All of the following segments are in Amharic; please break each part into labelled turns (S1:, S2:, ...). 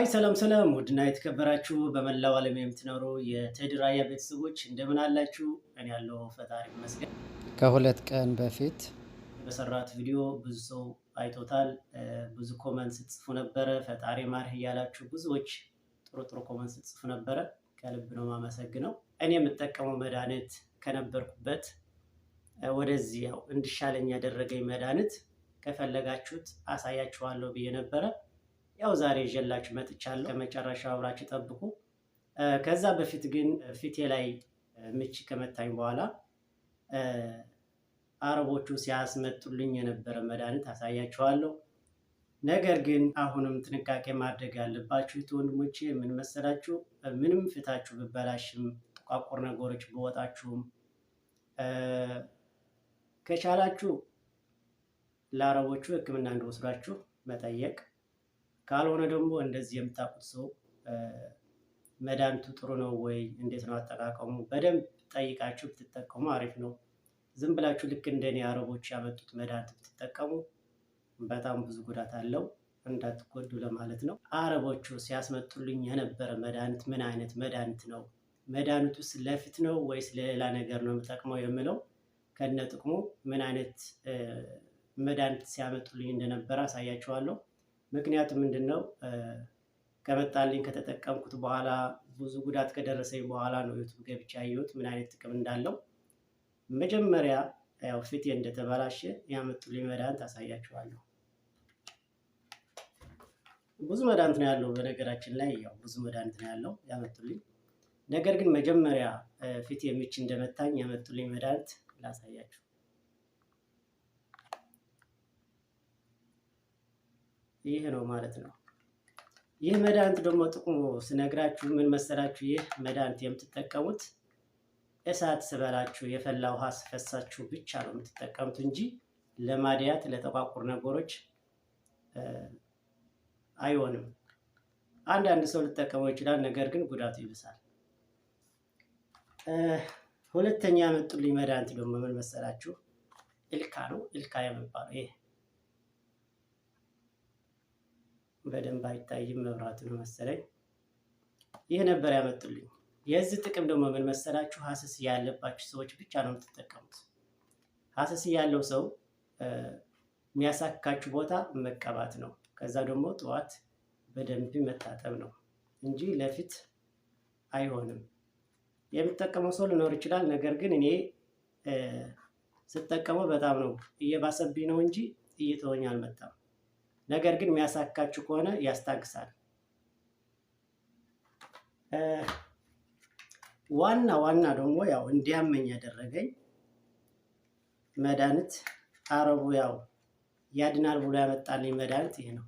S1: ሀይ ሰላም ሰላም፣ ውድና የተከበራችሁ በመላው ዓለም የምትኖሩ የቴዲ ቤተሰቦች እንደምን አላችሁ? እኔ ያለው ፈጣሪ ይመስገን።
S2: ከሁለት ቀን በፊት
S1: በሰራት ቪዲዮ ብዙ ሰው አይቶታል። ብዙ ኮመንት ስትጽፉ ነበረ፣ ፈጣሪ ማርህ እያላችሁ ብዙዎች ጥሩ ጥሩ ኮመንት ስትጽፉ ነበረ። ከልብ ነው ማመሰግነው። እኔ የምጠቀመው መድኃኒት ከነበርኩበት ወደዚህ ያው እንድሻለኝ ያደረገኝ መድኃኒት ከፈለጋችሁት አሳያችኋለሁ ብዬ ነበረ ያው ዛሬ ይዤላችሁ መጥቻለሁ። ከመጨረሻው አብራችሁ ጠብቁ። ከዛ በፊት ግን ፊቴ ላይ ምች ከመታኝ በኋላ አረቦቹ ሲያስመጡልኝ የነበረ መድኃኒት አሳያችኋለሁ። ነገር ግን አሁንም ጥንቃቄ ማድረግ ያለባችሁ ወንድሞቼ፣ የምንመሰላችሁ ምንም ፊታችሁ ብበላሽም ጥቋቁር ነገሮች ብወጣችሁም ከቻላችሁ ለአረቦቹ ሕክምና እንደወስዳችሁ መጠየቅ ካልሆነ ደግሞ እንደዚህ የምታውቁት ሰው መድኃኒቱ ጥሩ ነው ወይ እንዴት ነው አጠቃቀሙ በደንብ ጠይቃችሁ ብትጠቀሙ አሪፍ ነው። ዝም ብላችሁ ልክ እንደኔ አረቦች ያመጡት መድኃኒት ብትጠቀሙ በጣም ብዙ ጉዳት አለው እንዳትጎዱ ለማለት ነው። አረቦቹ ሲያስመጡልኝ የነበረ መድኃኒት ምን አይነት መድኃኒት ነው? መድኃኒቱስ ለፊት ነው ወይስ ለሌላ ነገር ነው የምጠቅመው የምለው ከነ ጥቅሙ ምን አይነት መድኃኒት ሲያመጡልኝ እንደነበረ አሳያችኋለሁ። ምክንያቱ ምንድን ነው? ከመጣልኝ ከተጠቀምኩት በኋላ ብዙ ጉዳት ከደረሰኝ በኋላ ነው ዩቱብ ገብቼ ያየሁት ምን አይነት ጥቅም እንዳለው። መጀመሪያ ያው ፊቴ እንደተበላሸ ያመጡልኝ መድኃኒት አሳያችኋለሁ። ብዙ መድኃኒት ነው ያለው። በነገራችን ላይ ያው ብዙ መድኃኒት ነው ያለው ያመጡልኝ። ነገር ግን መጀመሪያ ፊት ምች እንደመታኝ ያመጡልኝ መድኃኒት ላሳያችሁ። ይህ ነው ማለት ነው። ይህ መድኃኒት ደግሞ ጥቅሙ ስነግራችሁ ምን መሰላችሁ? ይህ መድኃኒት የምትጠቀሙት እሳት ስበላችሁ የፈላ ውሃ ስፈሳችሁ ብቻ ነው የምትጠቀሙት እንጂ ለማድያት ለጠቋቁር ነገሮች አይሆንም። አንዳንድ ሰው ሊጠቀመው ይችላል፣ ነገር ግን ጉዳቱ ይብሳል። ሁለተኛ ያመጡልኝ መድኃኒት ደግሞ ምን መሰላችሁ? እልካ ነው። እልካ የሚባለው ይሄ በደንብ አይታይም መብራት ነው መሰለኝ። ይህ ነበር ያመጡልኝ። የዚህ ጥቅም ደግሞ ምን መሰላችሁ? ሀሰስ ያለባችሁ ሰዎች ብቻ ነው የምትጠቀሙት። ሀሰስ ያለው ሰው የሚያሳካችሁ ቦታ መቀባት ነው። ከዛ ደግሞ ጠዋት በደንብ መታጠብ ነው እንጂ ለፊት አይሆንም። የምጠቀመው ሰው ሊኖር ይችላል። ነገር ግን እኔ ስጠቀመው በጣም ነው እየባሰብኝ ነው እንጂ እየተወኝ አልመጣም። ነገር ግን የሚያሳካችሁ ከሆነ ያስታግሳል። ዋና ዋና ደግሞ ያው እንዲያመኝ ያደረገኝ መድኃኒት አረቡ ያው ያድናል ብሎ ያመጣልኝ መድኃኒት ይሄ ነው።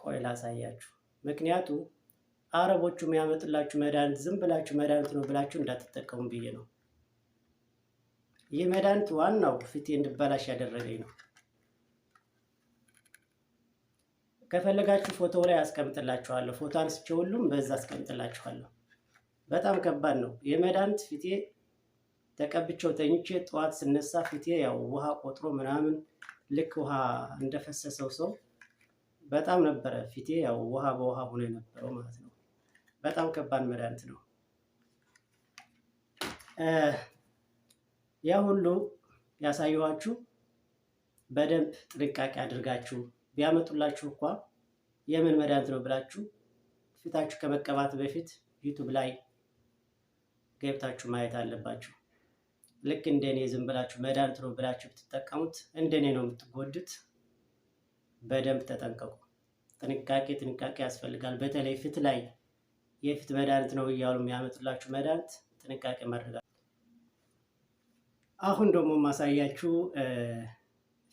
S1: ቆይ ላሳያችሁ። ምክንያቱ አረቦቹ የሚያመጥላችሁ መድኃኒት ዝም ብላችሁ መድኃኒት ነው ብላችሁ እንዳትጠቀሙ ብዬ ነው። ይህ መድኃኒት ዋናው ፊቴ እንድበላሽ ያደረገኝ ነው። ከፈለጋችሁ ፎቶ ላይ አስቀምጥላችኋለሁ። ፎቶ አንስቼ ሁሉም በዛ አስቀምጥላችኋለሁ። በጣም ከባድ ነው። የመድኃኒት ፊቴ ተቀብቼው ተኝቼ ጠዋት ስነሳ ፊቴ ያው ውሃ ቆጥሮ ምናምን ልክ ውሃ እንደፈሰሰው ሰው በጣም ነበረ ፊቴ ያው ውሃ በውሃ ሆኖ የነበረው ማለት ነው። በጣም ከባድ መድኃኒት ነው። ያ ሁሉ ያሳየኋችሁ በደንብ ጥንቃቄ አድርጋችሁ ቢያመጡላችሁ እንኳ የምን መድኃኒት ነው ብላችሁ ፊታችሁ ከመቀባት በፊት ዩቱብ ላይ ገብታችሁ ማየት አለባችሁ። ልክ እንደኔ ዝም ብላችሁ መድኃኒት ነው ብላችሁ ብትጠቀሙት እንደኔ ነው የምትጎዱት። በደንብ ተጠንቀቁ። ጥንቃቄ ጥንቃቄ ያስፈልጋል። በተለይ ፊት ላይ የፊት መድኃኒት ነው እያሉ የሚያመጡላችሁ መድኃኒት ጥንቃቄ ማድረጋል። አሁን ደግሞ ማሳያችሁ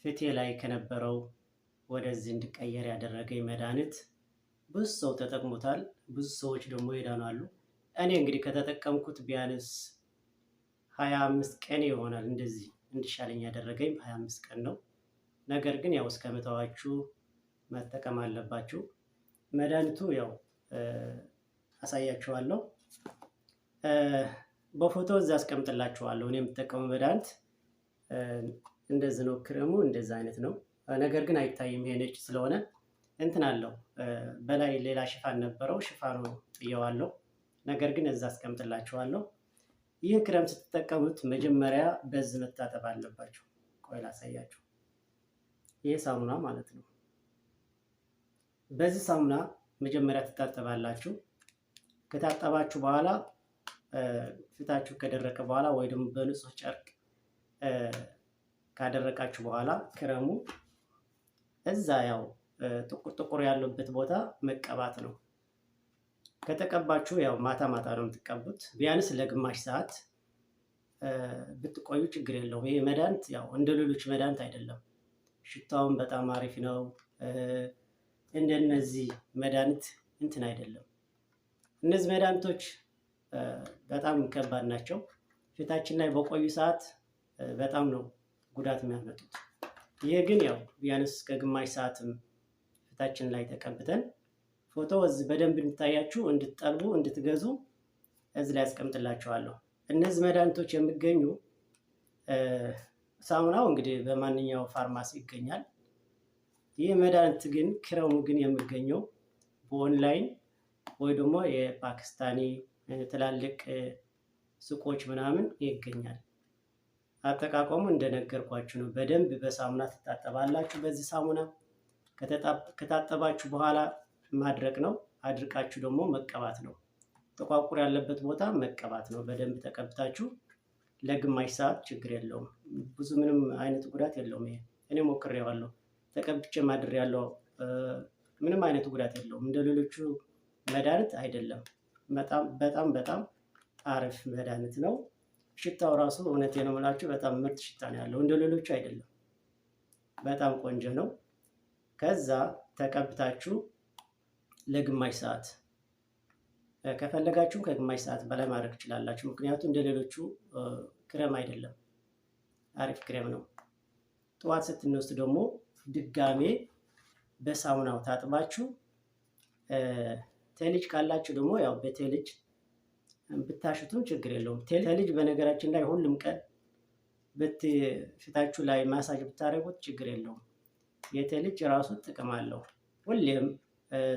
S1: ፊቴ ላይ ከነበረው ወደዚህ እንዲቀየር ያደረገኝ መድኃኒት ብዙ ሰው ተጠቅሞታል፣ ብዙ ሰዎች ደግሞ ይዳናሉ። እኔ እንግዲህ ከተጠቀምኩት ቢያንስ ሀያ አምስት ቀን ይሆናል እንደዚህ እንድሻለኝ ያደረገኝ ሀያ አምስት ቀን ነው። ነገር ግን ያው እስከመተዋችሁ መጠቀም አለባችሁ። መድኃኒቱ ያው አሳያችኋለሁ በፎቶ እዚ አስቀምጥላችኋለሁ። እኔ የምጠቀመው መድኃኒት እንደዚህ ነው። ክሬሙ እንደዚህ አይነት ነው። ነገር ግን አይታይም። ይሄ ነጭ ስለሆነ እንትን አለው በላይ ሌላ ሽፋን ነበረው። ሽፋኑ ጥየዋለው። ነገር ግን እዛ አስቀምጥላችኋለሁ። ይህ ክረም ስትጠቀሙት መጀመሪያ በዝ መታጠብ አለባችሁ። ቆይ ላሳያችሁ። ይህ ሳሙና ማለት ነው። በዚህ ሳሙና መጀመሪያ ትታጠባላችሁ። ከታጠባችሁ በኋላ ፊታችሁ ከደረቀ በኋላ ወይ ደግሞ በንጹህ ጨርቅ ካደረቃችሁ በኋላ ክረሙ እዛ ያው ጥቁር ጥቁር ያለበት ቦታ መቀባት ነው። ከተቀባችሁ ያው ማታ ማታ ነው የምትቀቡት። ቢያንስ ለግማሽ ሰዓት ብትቆዩ ችግር የለውም። ይሄ መድኃኒት ያው እንደ ሌሎች መድኃኒት አይደለም። ሽታውን በጣም አሪፍ ነው። እንደነዚህ መድኃኒት እንትን አይደለም። እነዚህ መድኃኒቶች በጣም ከባድ ናቸው። ፊታችን ላይ በቆዩ ሰዓት በጣም ነው ጉዳት የሚያመጡት። ይሄ ግን ያው ቢያንስ ከግማሽ ሰዓትም ፊታችን ላይ ተቀብተን ፎቶ እዚህ በደንብ እንድታያችሁ እንድትጠልቡ እንድትገዙ እዚህ ላይ አስቀምጥላችኋለሁ። እነዚህ መድኃኒቶች የሚገኙ ሳሙናው እንግዲህ በማንኛው ፋርማሲ ይገኛል። ይህ መድኃኒት ግን ክረሙ ግን የሚገኘው በኦንላይን ወይ ደግሞ የፓኪስታኒ ትላልቅ ሱቆች ምናምን ይገኛል። አጠቃቀሙ እንደነገርኳችሁ ነው። በደንብ በሳሙና ትታጠባላችሁ። በዚህ ሳሙና ከታጠባችሁ በኋላ ማድረቅ ነው። አድርቃችሁ ደግሞ መቀባት ነው። ጥቋቁር ያለበት ቦታ መቀባት ነው። በደንብ ተቀብታችሁ ለግማሽ ሰዓት ችግር የለውም። ብዙ ምንም አይነት ጉዳት የለውም። ይሄ እኔ ሞክሬዋለሁ፣ ተቀብቼ ማድር ያለው ምንም አይነት ጉዳት የለውም። እንደ ሌሎቹ መድኃኒት አይደለም። በጣም በጣም በጣም አሪፍ መድኃኒት ነው። ሽታው ራሱ እውነቴ ነው የምላችሁ በጣም ምርጥ ሽታ ነው ያለው። እንደ ሌሎቹ አይደለም። በጣም ቆንጆ ነው። ከዛ ተቀብታችሁ ለግማሽ ሰዓት ከፈለጋችሁ ከግማሽ ሰዓት በላይ ማድረግ ትችላላችሁ። ምክንያቱም እንደ ሌሎቹ ክሬም አይደለም፣ አሪፍ ክሬም ነው። ጠዋት ስትንወስድ ደግሞ ድጋሜ በሳሙናው ታጥባችሁ ቴልጅ ካላችሁ ደግሞ ያው በቴልጅ ብታሽቱም ችግር የለውም። ተልጅ በነገራችን ላይ ሁሉም ቀን ፊታችሁ ላይ ማሳጅ ብታደረጉት ችግር የለውም። የተልጅ ራሱ ጥቅም አለው። ሁሌም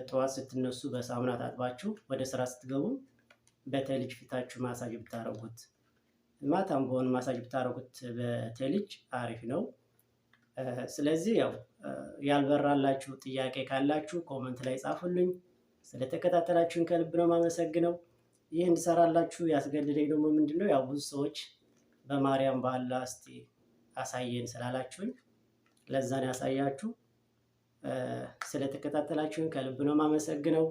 S1: ጠዋት ስትነሱ በሳሙና ታጥባችሁ ወደ ስራ ስትገቡ በተልጅ ፊታችሁ ማሳጅ ብታደርጉት፣ ማታም በሆኑ ማሳጅ ብታደርጉት በተልጅ አሪፍ ነው። ስለዚህ ያው ያልበራላችሁ ጥያቄ ካላችሁ ኮመንት ላይ ጻፉልኝ። ስለተከታተላችሁን ከልብ ነው ማመሰግነው። ይህ እንድሰራላችሁ ያስገድደኝ ደግሞ ምንድን ነው ያው ብዙ ሰዎች በማርያም ባለ እስቲ አሳየን ስላላችሁኝ ለዛን ያሳያችሁ ስለተከታተላችሁኝ ከልብ ነው የማመሰግነው።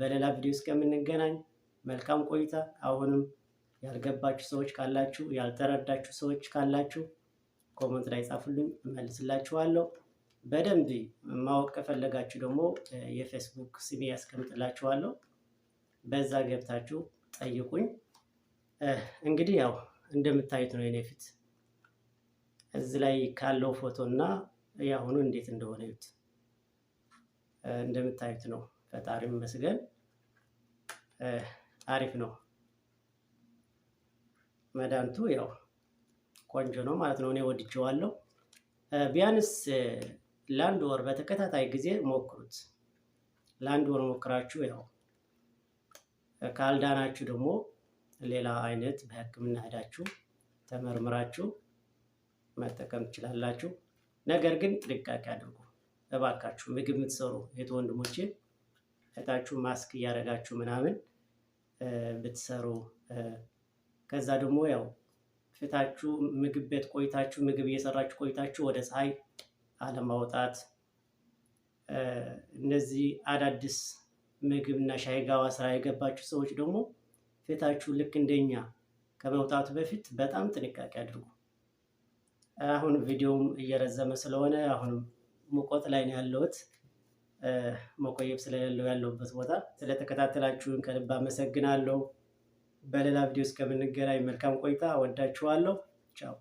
S1: በሌላ ቪዲዮ እስከምንገናኝ መልካም ቆይታ። አሁንም ያልገባችሁ ሰዎች ካላችሁ፣ ያልተረዳችሁ ሰዎች ካላችሁ ኮመንት ላይ ጻፉልኝ፣ እመልስላችኋለሁ። በደንብ ማወቅ ከፈለጋችሁ ደግሞ የፌስቡክ ስሜ ያስቀምጥላችኋለሁ። በዛ ገብታችሁ ጠይቁኝ። እንግዲህ ያው እንደምታዩት ነው የኔ ፊት እዚህ ላይ ካለው ፎቶ እና የአሁኑ እንዴት እንደሆነ ዩት እንደምታዩት ነው። ፈጣሪ ይመስገን አሪፍ ነው። መድኃኒቱ ያው ቆንጆ ነው ማለት ነው። እኔ ወድጀዋለው ቢያንስ ለአንድ ወር በተከታታይ ጊዜ ሞክሩት። ለአንድ ወር ሞክራችሁ ያው ካልዳናችሁ ደግሞ ሌላ አይነት በህክምና ሄዳችሁ ተመርምራችሁ መጠቀም ትችላላችሁ። ነገር ግን ጥንቃቄ አድርጉ እባካችሁ። ምግብ የምትሰሩ እህት ወንድሞቼ እህታችሁ ማስክ እያደረጋችሁ ምናምን ብትሰሩ ከዛ ደግሞ ያው ፊታችሁ ምግብ ቤት ቆይታችሁ ምግብ እየሰራችሁ ቆይታችሁ ወደ ፀሐይ አለማውጣት እነዚህ አዳዲስ ምግብ እና ሻይ ጋዋ ስራ የገባችሁ ሰዎች ደግሞ ፊታችሁ ልክ እንደኛ ከመውጣቱ በፊት በጣም ጥንቃቄ አድርጉ። አሁን ቪዲዮም እየረዘመ ስለሆነ አሁንም ሙቆት ላይ ነው ያለሁት መቆየብ ስለሌለው ያለሁበት ቦታ። ስለተከታተላችሁን ከልብ አመሰግናለሁ። በሌላ ቪዲዮ እስከምንገናኝ መልካም ቆይታ። ወዳችኋለሁ። ቻው